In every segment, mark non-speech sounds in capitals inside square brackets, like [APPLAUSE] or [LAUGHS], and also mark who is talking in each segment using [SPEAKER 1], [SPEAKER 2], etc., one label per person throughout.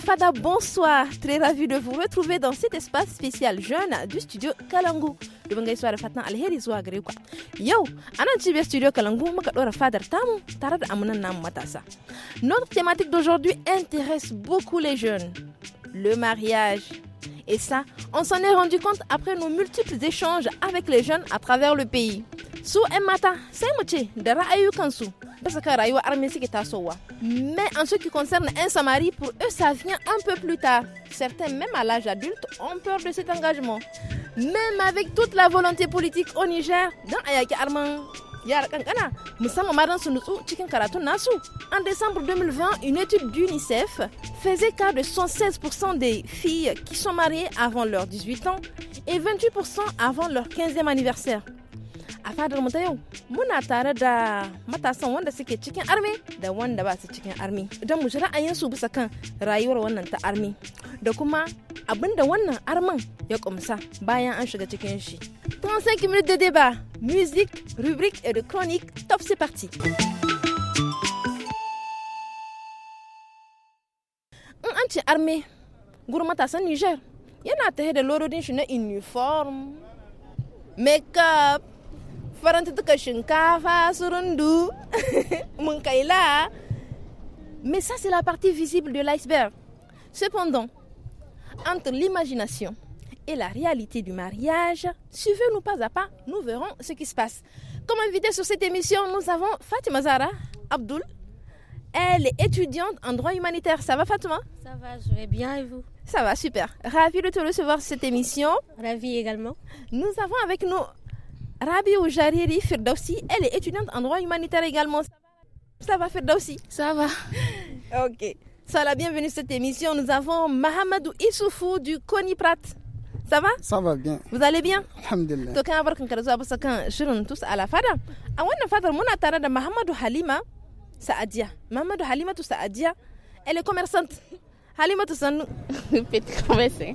[SPEAKER 1] Fada, bonsoir. Très ravi de vous retrouver dans cet espace spécial jeune du studio Kalangu. studio Kalangu Notre thématique d'aujourd'hui intéresse beaucoup les jeunes. Le mariage. Et ça, on s'en est rendu compte après nos multiples échanges avec les jeunes à travers le pays mais en ce qui concerne un samari pour eux ça vient un peu plus tard certains même à l'âge adulte ont peur de cet engagement même avec toute la volonté politique au Niger dans a kankana en décembre 2020 une étude d'UNICEF faisait cas de 116% des filles qui sont mariées avant leurs 18 ans et 28% avant leur 15e anniversaire fadar mu ta yau muna tare da matasan wanda suke cikin arme da wanda ba su cikin armi don mu ji ra'ayinsu bisa kan rayuwar wannan ta armi da kuma abinda wannan arman ya kumsa bayan an shiga cikin shi. 35 minutes dade ba music rubric et de chronique. Top, c'est parti. In an ce arme gurin matasan Niger yana tahe da lorodin shi na uniform, make [LAUGHS] mais ça c'est la partie visible de l'iceberg cependant entre l'imagination et la réalité du mariage, suivez-nous pas à pas, nous verrons ce qui se passe. Comme invité sur cette émission, nous avons Fatima Zara Abdul. Elle est étudiante en droit humanitaire. Ça va Fatima
[SPEAKER 2] Ça va, je vais
[SPEAKER 1] bien et vous Ça va, super. Ravi de te recevoir sur cette émission. Ravi également. Nous avons avec nous Rabi Jariri Firdausi, elle est étudiante en droit humanitaire également. Ça va Firdausi Ça va. [LAUGHS] ok. Ça la bienvenue à cette émission. Nous avons Mahamadou Issoufou du Prat. Ça va Ça va bien. Vous allez bien Alhamdulillah. To kan barkan karzo ba je shirin tous fada. A wannan fadar muna tare Mahamadou Halima Saadia. Mahamadou Halima Saadia, elle est commerçante. Halima tu sanu [LAUGHS] petit commerçant. Hein.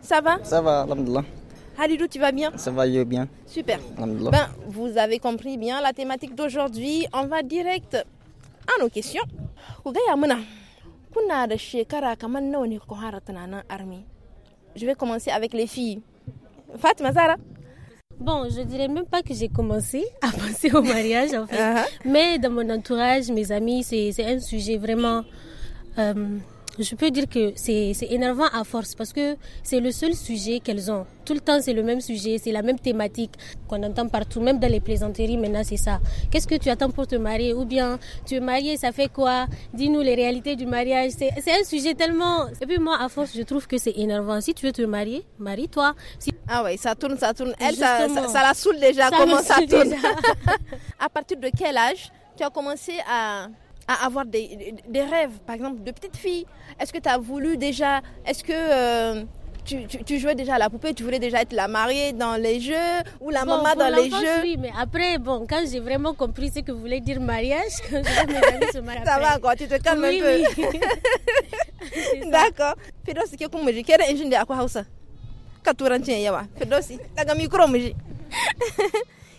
[SPEAKER 1] Ça va Ça
[SPEAKER 3] va, alhamdulillah.
[SPEAKER 1] Halidou, tu vas bien Ça va, je bien. Super. Ben, vous avez compris bien la thématique d'aujourd'hui. On va direct à nos questions. Je vais commencer avec les filles. Fatima Zara
[SPEAKER 2] Bon, je dirais même pas que j'ai commencé [LAUGHS] à penser au mariage en fait. Uh-huh. Mais dans mon entourage, mes amis, c'est un sujet vraiment. Euh, je peux dire que c'est énervant à force parce que c'est le seul sujet qu'elles ont. Tout le temps, c'est le même sujet, c'est la même thématique qu'on entend partout, même dans les plaisanteries. Maintenant, c'est ça. Qu'est-ce que tu attends pour te marier Ou bien, tu es marié, ça fait quoi Dis-nous les réalités du mariage. C'est un sujet tellement. Et puis, moi, à force, je trouve que c'est énervant. Si tu veux te marier, marie-toi. Ah oui, ça tourne, ça tourne.
[SPEAKER 1] Elle, ça, la saoule déjà. comment ça tourne [LAUGHS] À partir de quel âge tu as commencé à à avoir des, rêves, par exemple de petite fille Est-ce que tu as voulu déjà, est-ce que euh, tu, jouais déjà à la poupée, tu voulais déjà être la mariée dans les jeux
[SPEAKER 2] ou la maman dans les jeux Oui, mais après, bon, quand j'ai vraiment compris ce que voulait dire mariage, quand [LAUGHS] je [LAUGHS] Ça va quoi, tu te calmes un peu. [LAUGHS] D'accord.
[SPEAKER 1] Fidosi, qu'est-ce que je veux dire Je veux quoi ça Quand tu rentres, il y tu as un micro, moi.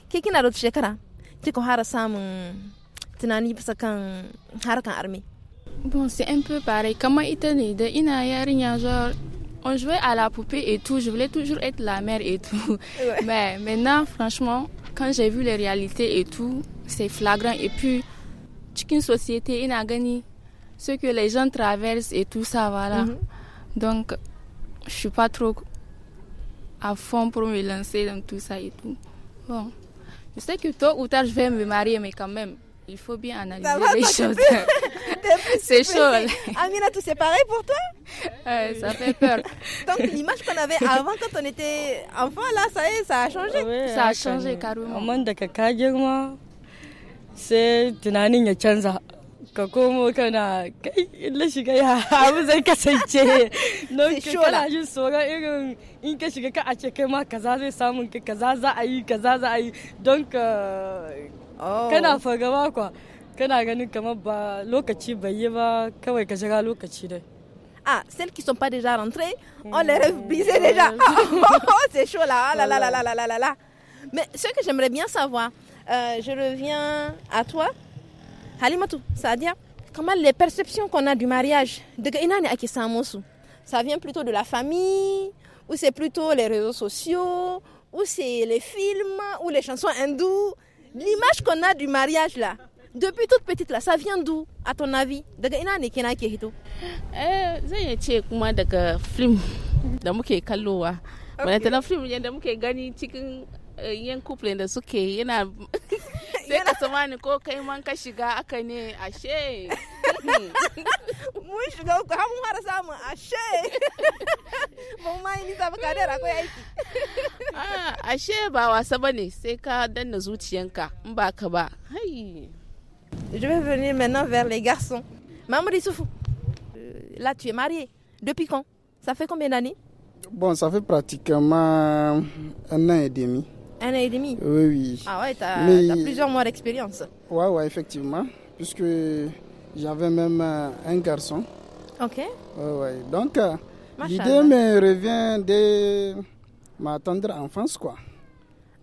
[SPEAKER 1] Qu'est-ce que tu as Tu as samun.
[SPEAKER 4] Bon, c'est un peu pareil. de ina on jouait à la poupée et tout, je voulais toujours être la mère et tout. [LAUGHS] Mais maintenant, franchement, quand j'ai vu les réalités et tout, c'est flagrant. Et puis, une société gani ce que les gens traversent et tout ça, voilà. Mhm. Donc, je suis pas trop à fond pour me lancer dans tout ça et tout. Bon, je sais que tôt ou tard, je vais me marier, mais quand même il faut bien analyser les choses. [LAUGHS] c'est chaud. Amina, tout pareil pour toi
[SPEAKER 1] Ça fait peur. [LAUGHS] Donc l'image qu'on avait avant quand on était enfant, là, ça ça a changé. ça a changé
[SPEAKER 5] carrément. c'est [LAUGHS] Oh. kana ah, celles qui ne sont pas déjà rentrées, on hmm. les rêve brisées déjà. [LAUGHS] Oh, c'est chaud [LAUGHS] oh là, là, là, là, là,
[SPEAKER 1] là, là, Mais ce que j'aimerais bien savoir, euh, je reviens à toi, Halimatu, ça à dire comment les perceptions qu'on a du mariage, de ça vient plutôt de la famille, ou c'est plutôt les réseaux sociaux, ou c'est les films, ou les chansons hindoues. L'image qu'on a du mariage là, depuis
[SPEAKER 4] toute petite là, ça vient d'où, à ton avis Daga ina ne kina ke hito? Eh, zan iya ce kuma daga film da muke kallowa. Mana tana film yadda muke gani cikin eh, yan kuflin da suke yana [LAUGHS] sai ka tsammani ko kai man ka shiga aka ne ashe [LAUGHS] mun shiga uku har mun fara samun
[SPEAKER 1] ashe [LAUGHS] ba ma yi nisa ba kadar akwai aiki ah,
[SPEAKER 4] ashe ba wasa ba ne sai ka danna zuciyanka in ba ka ba hai je vais venir maintenant vers les garçons maman Rissoufou euh, là tu es marié
[SPEAKER 1] depuis quand ça fait combien d'années
[SPEAKER 6] bon ça fait pratiquement un an et demi un an et demi Oui, oui.
[SPEAKER 1] Ah ouais, t'as plusieurs mois d'expérience.
[SPEAKER 6] Ouais, ouais, effectivement. Puisque j'avais même un garçon. Ok. Ouais, Donc, euh,
[SPEAKER 1] l'idée me
[SPEAKER 6] revient de ma tendre enfance, quoi.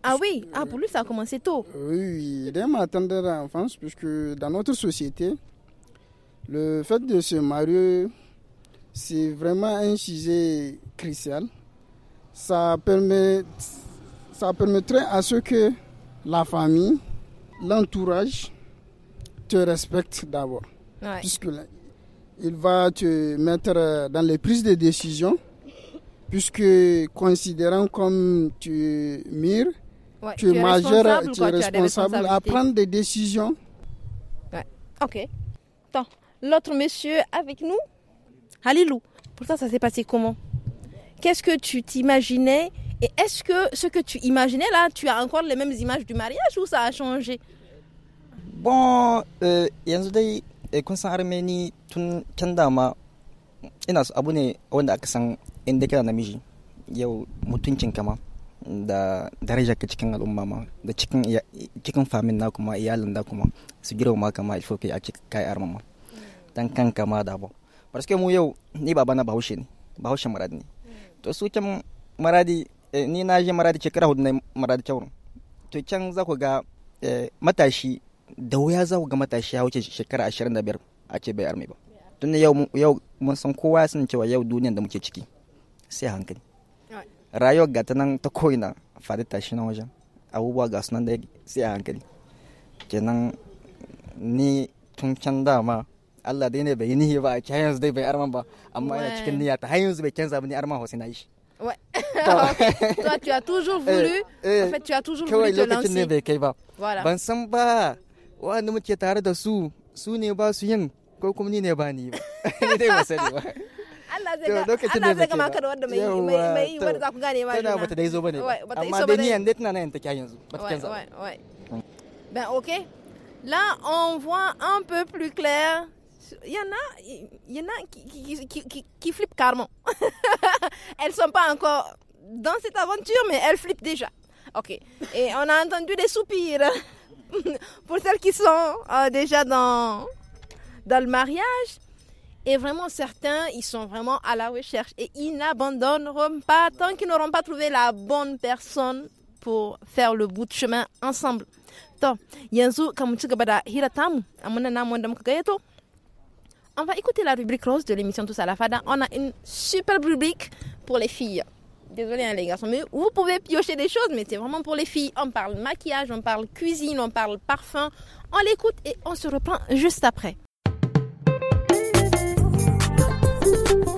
[SPEAKER 6] Ah oui, ah, pour lui, ça a commencé tôt. Oui, dès ma tendre enfance, puisque dans notre société, le fait de se marier, c'est vraiment un sujet crucial. Ça permet ça permettrait à ce que la famille, l'entourage te respecte d'abord. Puisque il va te mettre euh, dans les prises de décision, puisque considérant comme tu mires, tu, es majeur, tu es responsable à prendre des décisions.
[SPEAKER 1] Ok. l'autre monsieur avec nous, Halilou. Pourtant, ça s'est passé comment Qu'est-ce que tu t'imaginais et est-ce que ce que tu imaginais là, tu as encore les mêmes images du mariage ou ça a changé Bon,
[SPEAKER 3] euh, yanzu dai eh, kun san armeni tun can dama ina su abu ne wanda aka san inda kana namiji yau mutuncin kama da daraja ka cikin al'umma ma da cikin cikin famin na kuma iyalin da kuma su girma kama ilfo kai a cikin kai armama dan kan kama da ba parce que mu yau ni baba na bahaushe ne bahaushe maradi ne to su kan maradi Eh, ni na je maradi shekara hudu na maradi kyawun to can za ku ga eh, matashi da wuya za ku ga matashi ya wuce shekara ashirin da biyar a ce bai arme ba tun da yau mun san kowa ya cewa yau duniyan da muke ciki sai hankali rayuwar gata nan ta koina faɗi tashi na wajen abubuwa ga sunan da sai a hankali kenan ni tun can dama Allah dai ne bai yi nihi ba a yanzu dai bai arman ba amma yana cikin niyata ta har yanzu bai canza ba ni arman Hussein na yi shi
[SPEAKER 1] Ouais. [LAUGHS] Toi, tu as toujours euh, voulu. Euh, en fait, tu as toujours voulu te lancer. Voilà. Ban
[SPEAKER 3] samba. Wa wanda muke tare da su su ne ba su yin ko kuma ni ne ba ni ba.
[SPEAKER 1] [LAUGHS] Ni dai ba sani ba. [LAUGHS] Allah zai ga Allah zai ga maka da wanda mai mai mai wanda za ku gane ma. Tana bata dai zo bane. Amma dai ni yanzu
[SPEAKER 3] tana nan ta kyan yanzu. Bata kyan sa.
[SPEAKER 1] Ben OK. Là, on voit un peu plus clair il y en a, qui, qui, qui, flippent carrément. [LAUGHS] elles sont pas encore dans cette aventure, mais elles flippent déjà. Ok. Et on a entendu des soupirs [LAUGHS] pour celles qui sont euh, déjà dans, dans le mariage. Et vraiment, certains, ils sont vraiment à la recherche et ils n'abandonneront pas tant qu'ils n'auront pas trouvé la bonne personne pour faire le bout de chemin ensemble. Donc, on va écouter la rubrique rose de l'émission Tous à la Fada. On a une super rubrique pour les filles. Désolée hein, les garçons, mais vous pouvez piocher des choses, mais c'est vraiment pour les filles. On parle maquillage, on parle cuisine, on parle parfum. On l'écoute et on se reprend juste après.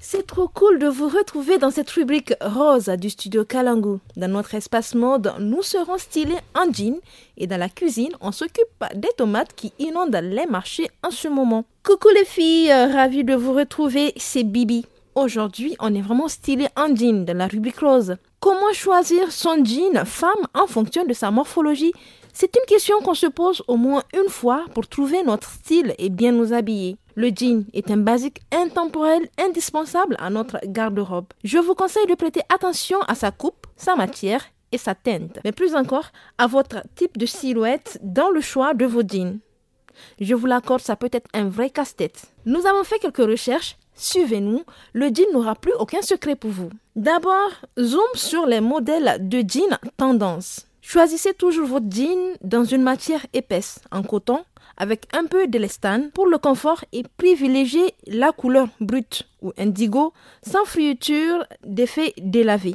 [SPEAKER 1] C'est trop cool de vous retrouver dans cette rubrique rose du studio Kalangu. Dans notre espace mode, nous serons stylés en jean et dans la cuisine, on s'occupe des tomates qui inondent les marchés en ce moment. Coucou les filles, ravie de vous retrouver, c'est Bibi. Aujourd'hui, on est vraiment stylé en jean dans la rubrique rose. Comment choisir son jean femme en fonction de sa morphologie c'est une question qu'on se pose au moins une fois pour trouver notre style et bien nous habiller. Le jean est un basique intemporel indispensable à notre garde-robe. Je vous conseille de prêter attention à sa coupe, sa matière et sa teinte, mais plus encore à votre type de silhouette dans le choix de vos jeans. Je vous l'accorde, ça peut être un vrai casse-tête. Nous avons fait quelques recherches, suivez-nous, le jean n'aura plus aucun secret pour vous. D'abord, zoom sur les modèles de jeans tendance. Choisissez toujours votre jean dans une matière épaisse, en coton, avec un peu d'élastane pour le confort et privilégiez la couleur brute ou indigo sans friture d'effet délavé.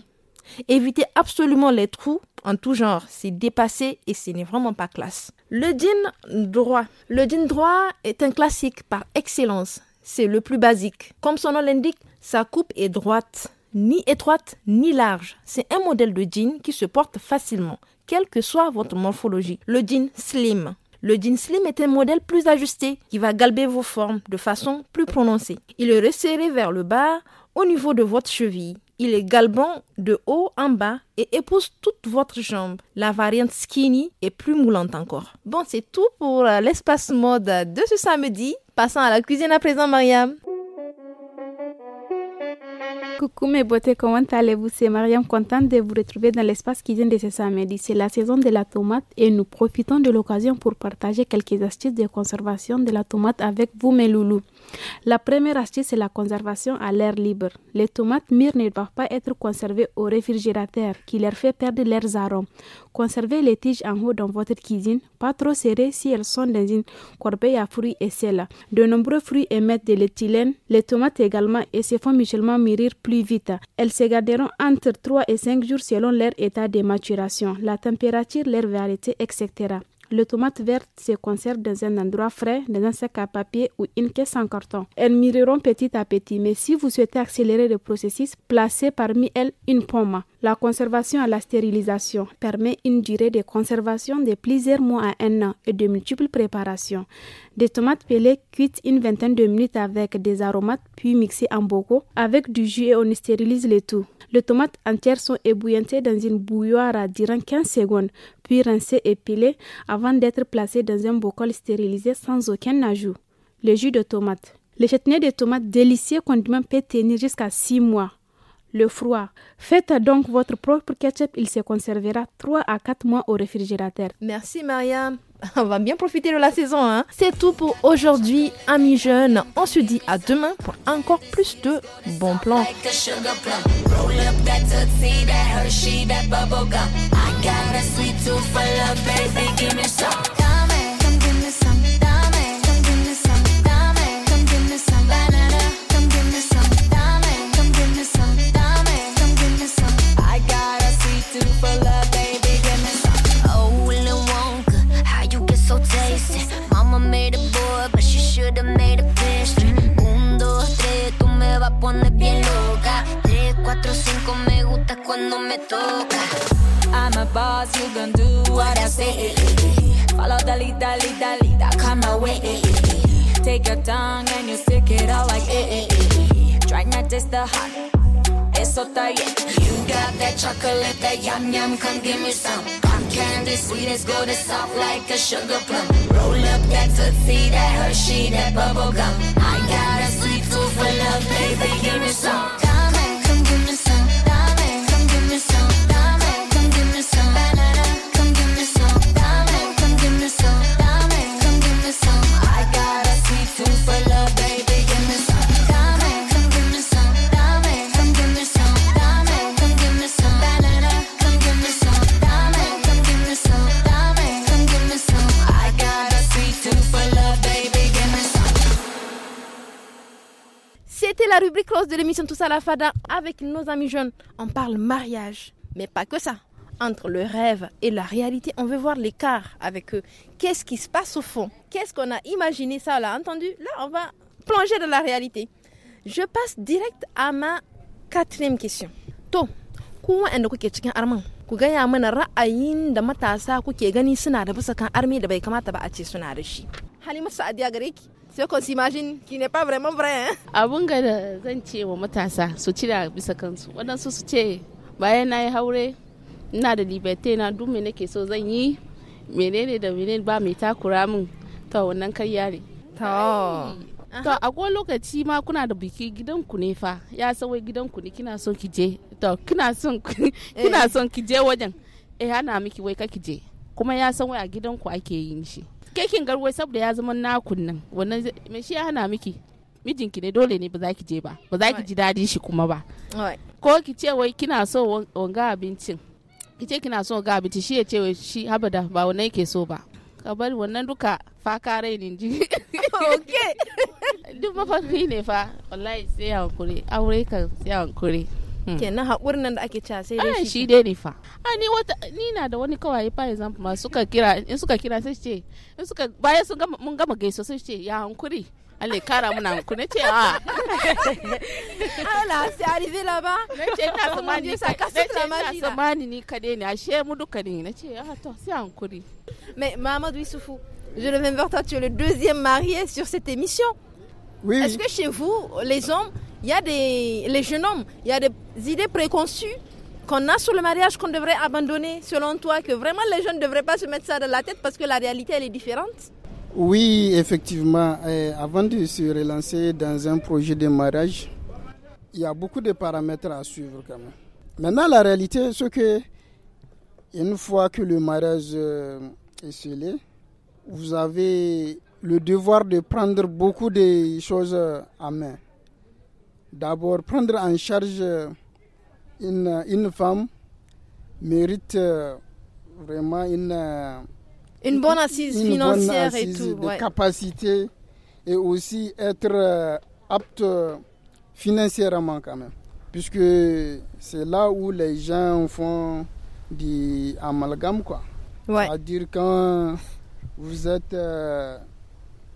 [SPEAKER 1] Évitez absolument les trous en tout genre, c'est dépassé et ce n'est vraiment pas classe. Le jean droit. Le jean droit est un classique par excellence. C'est le plus basique. Comme son nom l'indique, sa coupe est droite ni étroite ni large. C'est un modèle de jean qui se porte facilement, quelle que soit votre morphologie. Le jean slim. Le jean slim est un modèle plus ajusté qui va galber vos formes de façon plus prononcée. Il est resserré vers le bas au niveau de votre cheville. Il est galbant de haut en bas et épouse toute votre jambe. La variante skinny est plus moulante encore. Bon, c'est tout pour euh, l'espace mode de ce samedi. Passons à la cuisine à présent, Mariam. Coucou mes beautés, comment allez-vous C'est Mariam, contente de vous
[SPEAKER 7] retrouver dans l'espace cuisine de ce samedi. C'est la saison de la tomate et nous profitons de l'occasion pour partager quelques astuces de conservation de la tomate avec vous mes loulous. La première astuce, est la conservation à l'air libre. Les tomates mûres ne doivent pas être conservées au réfrigérateur qui leur fait perdre leurs arômes. Conservez les tiges en haut dans votre cuisine, pas trop serrées si elles sont dans une corbeille à fruits et sel. De nombreux fruits émettent de l'éthylène, les tomates également, et se font mutuellement mûrir plus vite. Elles se garderont entre 3 et 5 jours selon leur état de maturation, la température, leur variété, etc les tomates vertes se conservent dans un endroit frais, dans un sac à papier ou une caisse en carton. Elles mûriront petit à petit, mais si vous souhaitez accélérer le processus, placez parmi elles une pomme. La conservation à la stérilisation permet une durée de conservation de plusieurs mois à un an et de multiples préparations. Des tomates pelées cuites une vingtaine de minutes avec des aromates puis mixées en bocaux. Avec du jus et on stérilise le tout. Les tomates entières sont ébouillantées dans une bouilloire durant 15 secondes puis rincé et pilé avant d'être placé dans un bocal stérilisé sans aucun ajout. Le jus de tomate. Le chutney de tomate délicieux condiment peut tenir jusqu'à 6 mois. Le froid. Faites donc votre propre
[SPEAKER 1] ketchup, il se conservera 3 à 4 mois au réfrigérateur. Merci Mariam on va bien profiter de la saison. Hein. C'est tout pour aujourd'hui, amis jeunes. On se dit à demain pour encore plus de bons plans.
[SPEAKER 8] cuando me toca. I'm a boss, you gon' do what I say. Follow the lead, the lead, the lead, I come my way. Take your tongue and you stick it out like eh, eh, eh. Try not just the hot, It's so tight. You got that chocolate, that yum yum, come give me some. I'm candy, sweet as gold, it's soft like a sugar plum. Roll up that tootsie, that Hershey, that bubble gum. I got a sweet tooth for love, baby, give me some.
[SPEAKER 1] la rubrique close de l'émission tout ça la Fada avec nos amis jeunes. On parle mariage, mais pas que ça. Entre le rêve et la réalité, on veut voir l'écart avec eux. Qu'est-ce qui se passe au fond Qu'est-ce qu'on a imaginé Ça, on l'a entendu. Là, on va plonger dans la réalité. Je passe direct à ma quatrième question. To, ku wa'anda kuke cikin arman, ku gaya mana ra'ayin da matasa kuke gani suna da bisa kan armi da bai kamata ba a ce
[SPEAKER 4] suna da shi. Halima Sa'adiya gare ki. sai ko imagine ki ne pas vraiment vrai hein abun ga zan ce wa matasa su cira bisa kansu wadansu su ce bayan na yi haure ina da liberté na duk me nake so zan yi menene da menene ba mai takura min to wannan kai yare to to akwai lokaci ma kuna da biki gidanku ne fa ya san wai gidanku ne kina son ki je to kina son [LAUGHS] kina eh. son ki je wajen eh ana miki wai ka ki je kuma ya san wai a gidanku ake yin shi kekin garwai saboda ya zama nakun nan wannan me shi ya hana miki mijinki ne dole ne ba za ki je ba ba za ki ji dadin shi kuma ba ko ki ce wai kina so wanga abincin ki ce kina so ga abinci shi ya ce wai shi habada ba wannan yake so ba ka bari wannan duka fa ka rai ne ji [LAUGHS] [LAUGHS] duk mafarki ne fa wallahi sai hankuri aure kan sai hankuri Hmm. kenan haƙuri nan da ake cewa sai dai shi dai ne fa a ni wata ni na da wani kawai fa example ma suka kira in suka kira sai ce in suka baya sun gama mun gama gaiso sai ce ya hankuri Allah kara muna hanku na ce a ah. Allah sai arrivé là ba na ce ina samani na ce ina samani ni kade ne ashe mu duka ne na ce a ah, to sai hankuri mais Mamadou Isufu
[SPEAKER 1] je reviens vers toi tu es le deuxième marié sur cette émission Est-ce que chez vous, les hommes, il y a des, les jeunes hommes, il y a des idées préconçues qu'on a sur le mariage qu'on devrait abandonner, selon toi, que vraiment les jeunes ne devraient pas se mettre ça dans la tête parce que la réalité, elle est différente
[SPEAKER 6] Oui, effectivement. Eh, avant de se relancer dans un projet de mariage, il y a beaucoup de paramètres à suivre quand même. Maintenant, la réalité, c'est que une fois que le mariage euh, est scellé, vous avez le devoir de prendre beaucoup de choses à main. D'abord, prendre en charge une, une femme mérite euh, vraiment une, euh, une bonne assise financière et tout. De capacité et aussi être euh, apte financièrement quand même. Puisque c'est là où les gens font des amalgame quoi. Ouais. C'est-à-dire quand vous êtes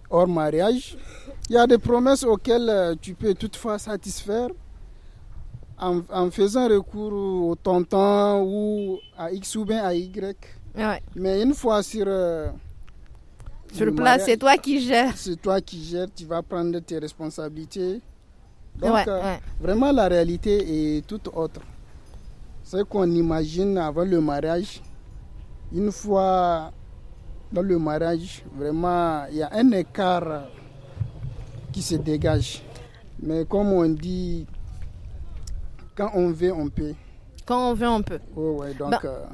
[SPEAKER 6] hors mariage. Il y a des promesses auxquelles euh, tu peux toutefois satisfaire en, faisant recours au tonton ou à X ou bien à Y. Mais une fois sur... Euh,
[SPEAKER 1] sur le place, c'est
[SPEAKER 6] toi qui gères. C'est toi qui gères, tu vas prendre tes responsabilités. Donc, euh, vraiment, la réalité est toute autre. Ce qu'on imagine avant le mariage, une fois dans le mariage, vraiment, il y a un écart qui se dégage. Mais comme on dit, quand on veut, on peut. Quand on veut, on peut. Oh, oui, donc, il bah-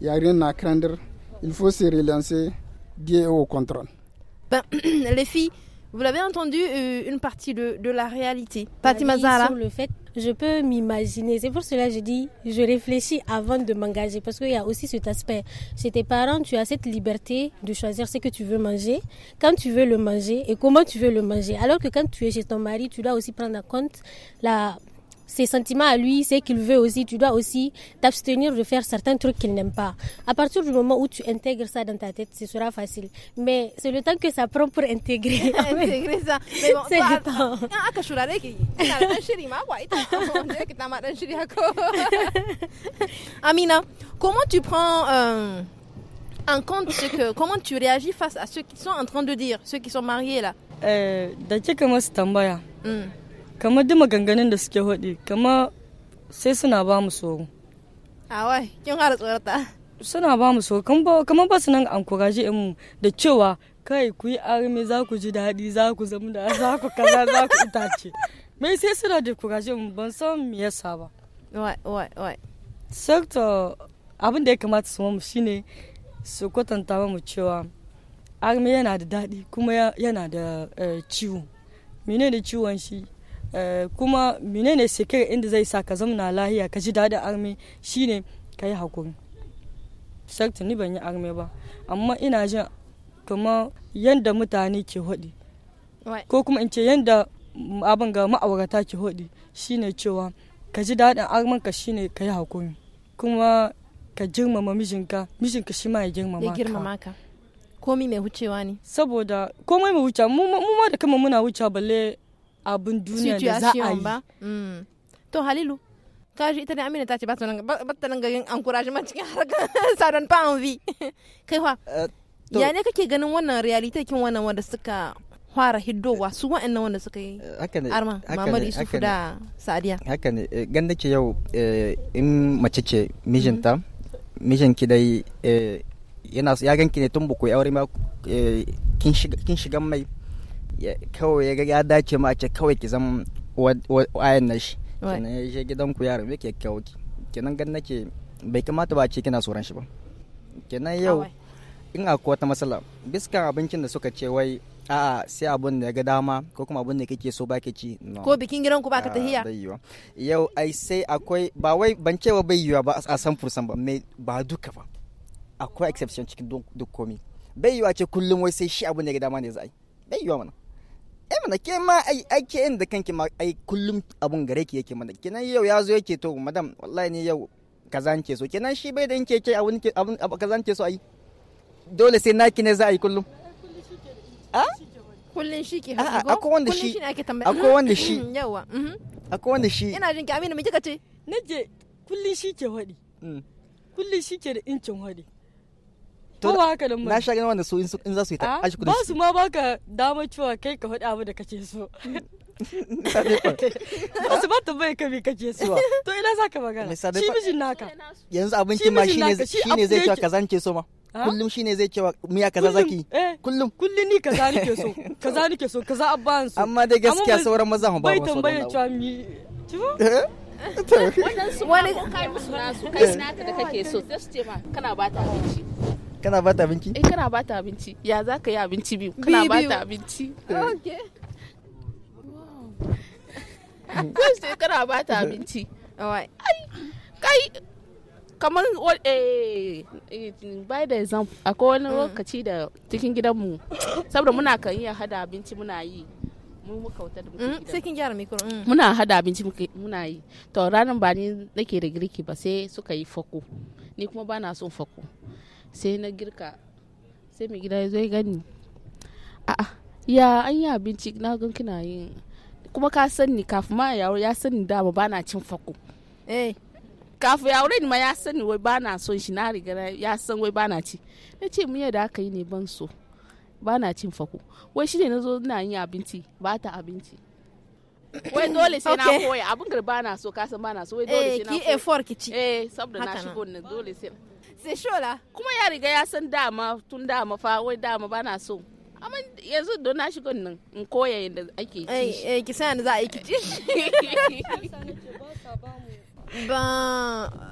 [SPEAKER 6] n'y euh, a rien à craindre. Il faut se relancer. Dieu au contrôle.
[SPEAKER 2] Bah, [CLEARS THROAT] les filles, vous l'avez entendu, euh, une partie de, la réalité. Fatima Sur le fait je peux m'imaginer. C'est pour cela que je dis, je réfléchis avant de m'engager parce qu'il y a aussi cet aspect. Chez tes parents, tu as cette liberté de choisir ce que tu veux manger, quand tu veux le manger et comment tu veux le manger. Alors que quand tu es chez ton mari, tu dois aussi prendre en compte la ses sentiments à lui, c'est qu'il veut aussi, tu dois aussi t'abstenir de faire certains trucs qu'il n'aime pas. À partir du moment où tu intègres ça dans ta tête, ce sera facile. Mais c'est le temps que ça prend pour intégrer. [LAUGHS] intégrer ça. bon, c'est le temps.
[SPEAKER 1] Amina, comment tu prends euh, en compte ce que, comment tu réagis face à ceux qui sont en train de dire, ceux qui sont mariés là?
[SPEAKER 5] Euh, kamar duma maganganun da suke hodi kamar sai suna ba mu tsoro awai kin har tsorata suna ba mu tsoro kamar ba su nan encourage mu da cewa kai ku yi arme za ku ji daɗi za ku zama da za ku kaza za ku itace me sai suna da kuraje mu ban san me yasa ba wai wai wai abin da ya kamata su mu shine su kwatanta mu cewa arme yana da daɗi kuma yana da eh, ciwo ne ciwon shi Eh, kuma menene sekere inda zai sa ka na lahiya ka ji daɗin arme shine ka yi hakuri sarta ni ban yi arme ba amma ina jin kuma yadda mutane ke hudi ko kuma in ce yadda abin ga ma'aurata ke hudi shine cewa ka ji daɗin ka shine ka yi hakuri kuma ka girmama mijinka mijinka shi ma ya girmama
[SPEAKER 1] ka komi mai wucewa ne
[SPEAKER 5] saboda komai mai wucewa mu ma da kama muna wucewa balle abin duniya da za a yi
[SPEAKER 1] mm. to halilu ka ji ita da amina ta ce ba ta nan garin an kurashi ma cikin harkar sadan fa'an vi kai fa eh, ya ne kake ganin wannan reality wannan wanda suka fara hiddowa su wa'annan wanda suka yi eh, arma mamar isufu da sadiya
[SPEAKER 3] haka ne eh, gan ke yau in mace ce mijinta mhm. mijinki dai yana ya ganki ne tun ba aure ma kin shiga mai kawai ya ya dace ma a ce kawai ki zama wayan na shi kenan ya je gidan ku yaran yake kawo ki kenan gan nake bai kamata ba a ce kina tsoron shi ba kenan yau in akwai wata matsala biska abincin da suka ce wai a'a sai abun da ga dama ko kuma abun da kake so baki ci ko
[SPEAKER 1] bikin gidan ku baka ah, tahiya
[SPEAKER 3] yau ai sai akwai ba wai ban cewa bai yiwa ba a san fursan ba me ba duka ba akwai exception cikin duk komi bai yiwa ce kullum wai sai shi abun da ga dama ne za yi bai yiwa mana eh mana ke ma ai ai ke inda kanki ma ai kullum abun gare ki yake mana kenan yau ya zo yake to madam wallahi ne yau kaza nke so kenan shi bai da in keke abun abun kaza nke so ai dole sai naki ne za a yi kullum
[SPEAKER 1] a ah? kullum shi ke haɗu akwai wanda shi akwai wanda shi yawa
[SPEAKER 3] akwai wanda shi
[SPEAKER 1] ina
[SPEAKER 5] jin ki amina me kika ce naje kullum shi ke haɗi mm. kullum shi ke da incin haɗi to ba haka nan na sha
[SPEAKER 3] ganin wanda su in za su yi ta a ah, kudin ba su
[SPEAKER 5] ma baka damar cewa kai ka faɗi abu da kake so [LAUGHS] [LAUGHS] ba su ba tambaye ka bi kake so [LAUGHS] to ina za ka magana shi mijin naka
[SPEAKER 3] yanzu abincin ma shi ne zai cewa kaza nake so ma ah? kullum shi ne zai cewa miya kaza zaki
[SPEAKER 5] eh. kullum kullum ni kaza nake so kaza nake so kaza abban su amma dai gaskiya sauran maza ba ba su bai tambaye cewa mi eh? wadansu
[SPEAKER 4] wani kai musu nasu kai eh. naka da kake so sai su ce ma kana ba ta abinci kana ba ta abinci eh kana ba ta abinci ya za ka yi abinci biyu kana ba ta abinci ah, eh. okay zai [LAUGHS] sai kana ba ta abinci ai kai kamar eh, eh, by the example akwai wani mm. lokaci da cikin gidanmu saboda muna kan iya hada abinci muna yi mu muka wuta da muke mm, gyara mikro mm. muna hada abinci muna yi to ranar ba ni nake da girki ba sai suka yi fako ni kuma ba na son fako sai na girka sai mai gida ya zo ya gani a'a ya an yi abinci na gan kina yi kuma ka san ni kafin ma yaro ya san ni dama bana cin fako eh kafin ya ni ma ya san ni wai bana son shi na riga ya san wai bana ci na ce mu yadda aka yi ne ban so bana cin fako wai shi ne na zo ina yin abinci ba ta abinci wai dole sai na [LAUGHS] koya abin garba na so kasan ba na so wai eh, dole sai na koya eh ki effort ki ci eh saboda na shigo ne dole sai ben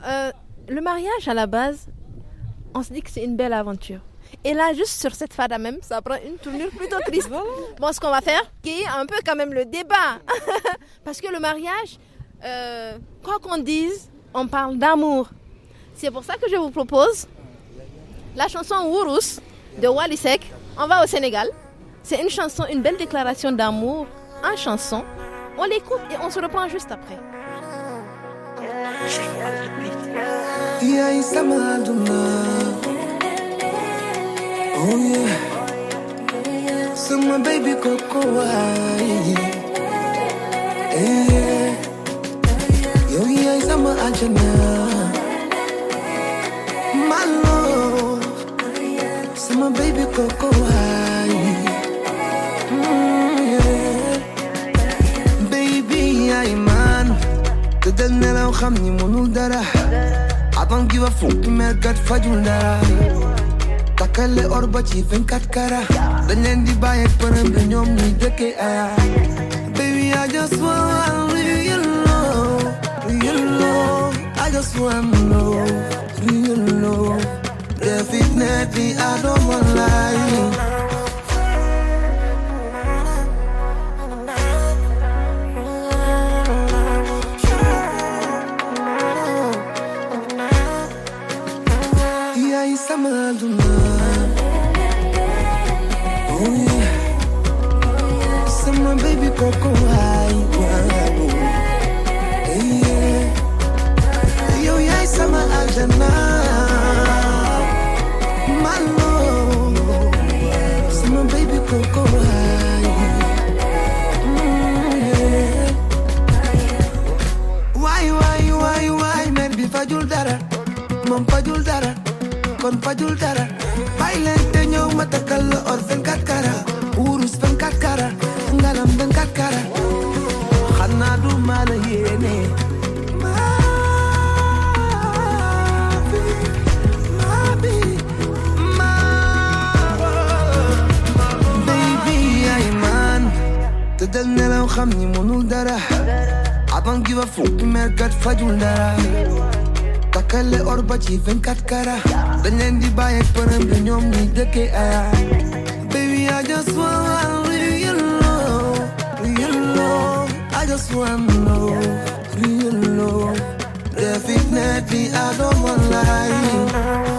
[SPEAKER 1] euh, le mariage à la base on se dit que c'est une belle aventure et là, juste sur cette fada même, ça prend une tournure plutôt triste. bon, ce qu'on va faire, qui est un peu quand même le débat. [LAUGHS] Parce que le mariage, euh, quoi qu'on dise, on parle d'amour. C'est pour ça que je vous propose la chanson Wurus de Walisek. On va au Sénégal. C'est une chanson, une belle déclaration d'amour en chanson. On l'écoute et on se reprend juste après.
[SPEAKER 8] on, baby, go go high. Mm, yeah. Baby, I'm man. تدلنا لو خمني منو درا عطان كيف فوق ما قد فجون درا تكلي أربع تيفن كتكرا دنيا دي بايك برم دنيوم ني دكي آيا Baby, I just want real love, real love. I just want love, real love definitely I don't want to lie. I'm a kon fajul dara bay len te ñëw ma takal lo or 24 kara urus 24 kara ngalam 24 kara xana du mala yene yéene tëddal nelaw xam ni mënul dara avant gi ba fukki mer kat fajul dara takkale or ba ci kara dañ leen di bàyyi përëm bi ñi dëkkee ayaa baby I just want real love real love I just want love real love definitely I don't want lie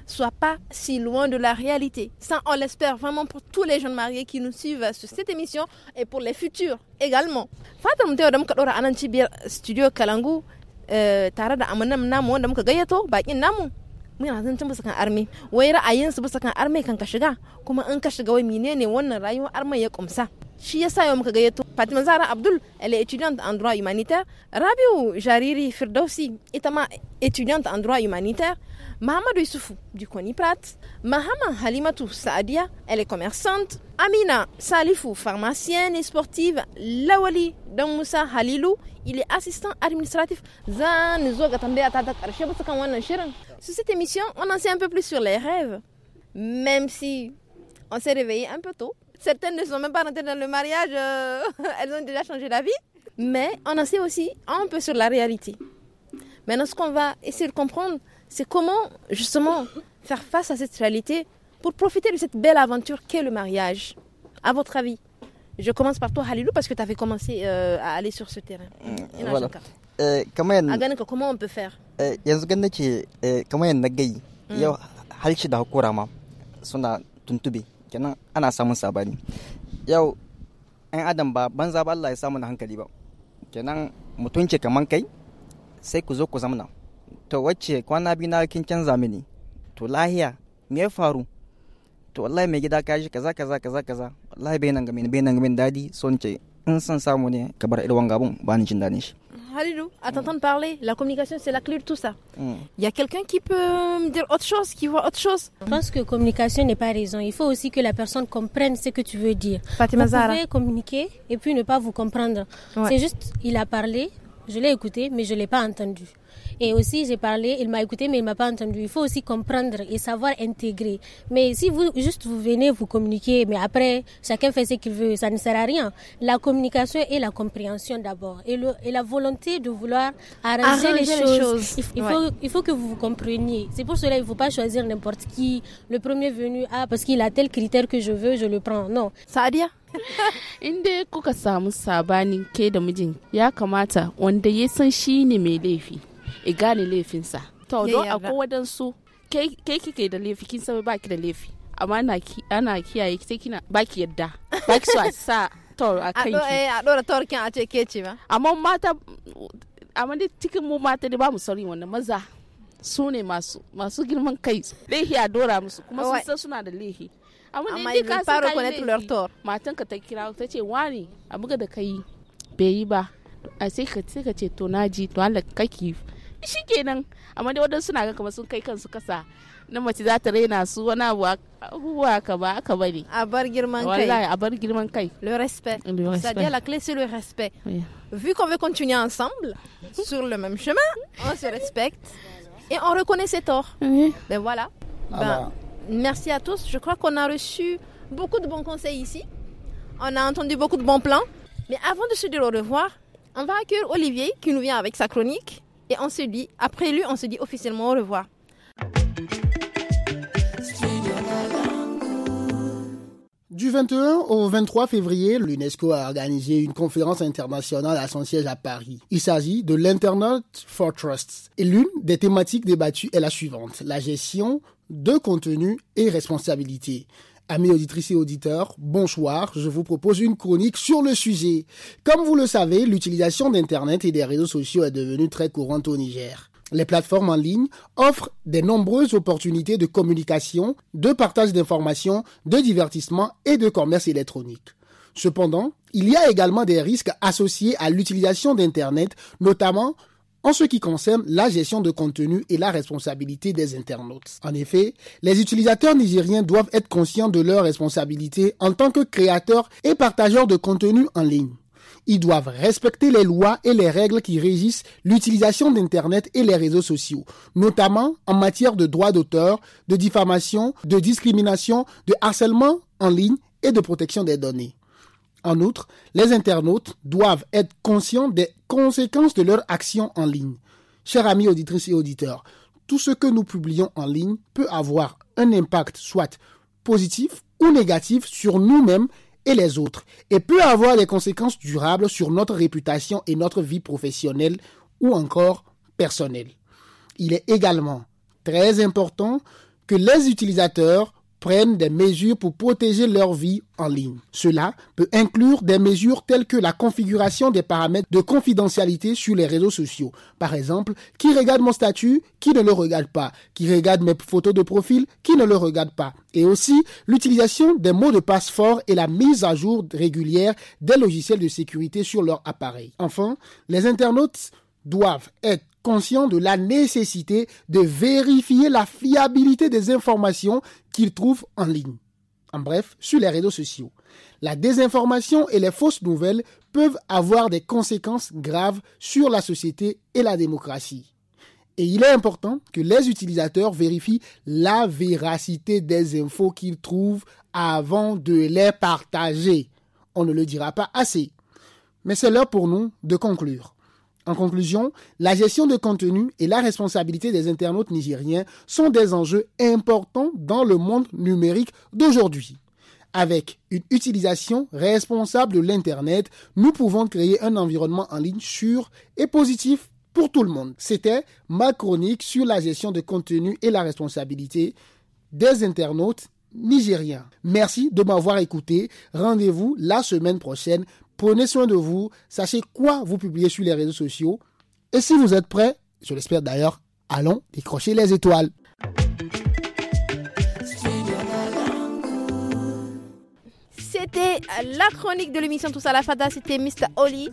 [SPEAKER 1] soit pas si loin de la réalité. Ça, on l'espère vraiment pour tous les jeunes mariés qui nous suivent sur cette émission et pour les futurs également. Fatan Teo euh, da muka dora anan Studio Kalangu Tarada amanam Namo, wanda Kagayato, gayyato bakin namu muna zancen bisa kan arme wai ra'ayinsu bisa kan arme kan ka shiga kuma in ka shiga wai menene wannan rayuwar arme ya kumsa. Chiessa yom Patimazara Abdul elle est étudiante en droit humanitaire Rabiou Jariri Firdausi étudiante en droit humanitaire Mahamadou Issoufou du Coniprat Mahama Halimatu Saadia elle est commerçante Amina Salifou pharmacienne et sportive Lawali Musa Halilou il est assistant administratif zan zo ga tambaya karshe sur cette émission on en sait un peu plus sur les rêves même si on s'est réveillé un peu tôt Certaines ne sont même pas rentrées dans le mariage, euh, [LAUGHS] elles ont déjà changé la vie. Mais on en sait aussi un peu sur la réalité. Maintenant, ce qu'on va essayer de comprendre, c'est comment justement faire face à cette réalité pour profiter de cette belle aventure qu'est le mariage. À votre avis, je commence par toi, Halilou, parce que tu avais commencé euh, à aller sur ce terrain. Mm, voilà. Euh, comment on peut faire
[SPEAKER 3] kenan ana samun sabani yau yan adam ba banza ba Allah ya samu na hankali ba kenan mutum ke kaman kai sai ku zo ku zamna to wacce kwana biyu na kin canza mini to lahiya me ya faru to wallahi mai gida ka shi kaza kaza kaza kaza wallahi bai nan ga bai nan ga dadi son ce in san samu ne ka bar irin gabun ba ni jin dadin shi
[SPEAKER 1] à t'entendre parler. La communication, c'est la clé de tout ça. Hmm. Il y a
[SPEAKER 2] quelqu'un qui peut me dire autre chose, qui voit autre chose. Je pense que communication n'est pas raison. Il faut aussi que la personne comprenne ce que tu veux dire. Fatima vous pouvez communiquer et puis ne pas vous comprendre. C'est juste, il a parlé, je l'ai écouté, mais je ne l'ai pas entendu. Et aussi, j'ai parlé, il m'a écouté, mais il m'a pas entendu. Il faut aussi comprendre et savoir intégrer. Mais si vous, juste vous venez, vous communiquer, mais après, chacun fait ce qu'il veut, ça ne sert à rien. La communication et la compréhension d'abord. Et, la volonté de vouloir arranger, les, choses. Il, faut, il faut que vous vous compreniez. C'est pour cela, ne faut pas choisir n'importe qui. Le premier venu, ah, parce qu'il a tel critère que je veux, je le prends. Non. Ça a dit
[SPEAKER 4] i gane laifinsa to don akwai wadansu kai kike da laifi kin san baki da laifi amma ana kiyaye sai kina baki yadda baki so a sa tor [LAUGHS] a kan ki eh, a dora tor kin a ce ke ce ba amma mata amma dai cikin mu mata dai ba mu sauri wannan maza su ne masu masu girman kai lehi a dora musu kuma sun san suna da lehi amma dai ka san kai lehi matan ka ta kira ta ce wani buga da kai bai yi ba a sai ka ce to naji to Allah kake le respect c'est-à-dire la clé c'est le respect
[SPEAKER 1] vu qu'on veut continuer ensemble sur le même chemin on se respecte et on reconnaît ses torts ben voilà ah ben, bah. merci à tous je crois qu'on a reçu beaucoup de bons conseils ici on a entendu beaucoup de bons plans mais avant de se dire au revoir on va accueillir Olivier qui nous vient avec sa chronique et on se dit, après lui, on se dit officiellement au revoir.
[SPEAKER 9] Du 21 au 23 février, l'UNESCO a organisé une conférence internationale à son siège à Paris. Il s'agit de l'Internet for Trust. Et l'une des thématiques débattues est la suivante, la gestion de contenu et responsabilité. Amis auditrices et auditeurs, bonsoir. Je vous propose une chronique sur le sujet. Comme vous le savez, l'utilisation d'Internet et des réseaux sociaux est devenue très courante au Niger. Les plateformes en ligne offrent de nombreuses opportunités de communication, de partage d'informations, de divertissement et de commerce électronique. Cependant, il y a également des risques associés à l'utilisation d'Internet, notamment en ce qui concerne la gestion de contenu et la responsabilité des internautes. En effet, les utilisateurs nigériens doivent être conscients de leurs responsabilités en tant que créateurs et partageurs de contenu en ligne. Ils doivent respecter les lois et les règles qui régissent l'utilisation d'Internet et les réseaux sociaux, notamment en matière de droits d'auteur, de diffamation, de discrimination, de harcèlement en ligne et de protection des données. En outre, les internautes doivent être conscients des conséquences de leurs actions en ligne. Chers amis auditrices et auditeurs, tout ce que nous publions en ligne peut avoir un impact soit positif ou négatif sur nous-mêmes et les autres, et peut avoir des conséquences durables sur notre réputation et notre vie professionnelle ou encore personnelle. Il est également très important que les utilisateurs prennent des mesures pour protéger leur vie en ligne. Cela peut inclure des mesures telles que la configuration des paramètres de confidentialité sur les réseaux sociaux. Par exemple, qui regarde mon statut, qui ne le regarde pas, qui regarde mes photos de profil, qui ne le regarde pas. Et aussi l'utilisation des mots de passe forts et la mise à jour régulière des logiciels de sécurité sur leur appareil. Enfin, les internautes doivent être conscient de la nécessité de vérifier la fiabilité des informations qu'ils trouvent en ligne. En bref, sur les réseaux sociaux. La désinformation et les fausses nouvelles peuvent avoir des conséquences graves sur la société et la démocratie. Et il est important que les utilisateurs vérifient la véracité des infos qu'ils trouvent avant de les partager. On ne le dira pas assez. Mais c'est l'heure pour nous de conclure. En conclusion, la gestion de contenu et la responsabilité des internautes nigériens sont des enjeux importants dans le monde numérique d'aujourd'hui. Avec une utilisation responsable de l'Internet, nous pouvons créer un environnement en ligne sûr et positif pour tout le monde. C'était ma chronique sur la gestion de contenu et la responsabilité des internautes nigériens. Merci de m'avoir écouté. Rendez-vous la semaine prochaine Prenez soin de vous, sachez quoi vous publiez sur les réseaux sociaux. Et si vous êtes prêts, je l'espère d'ailleurs, allons décrocher les étoiles.
[SPEAKER 1] C'était la chronique de l'émission Tous à la Fada, c'était Mr. Oli.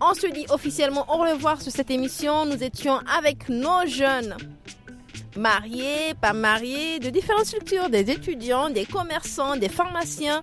[SPEAKER 1] On se dit officiellement au revoir sur cette émission. Nous étions avec nos jeunes mariés, pas mariés, de différentes structures, des étudiants, des commerçants, des pharmaciens.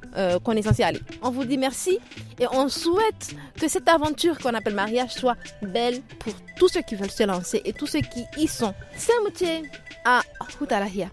[SPEAKER 1] Euh, qu'on est censé aller. On vous dit merci et on souhaite que cette aventure qu'on appelle mariage soit belle pour tous ceux qui veulent se lancer et tous ceux qui y sont. Samutie à Hutalahia.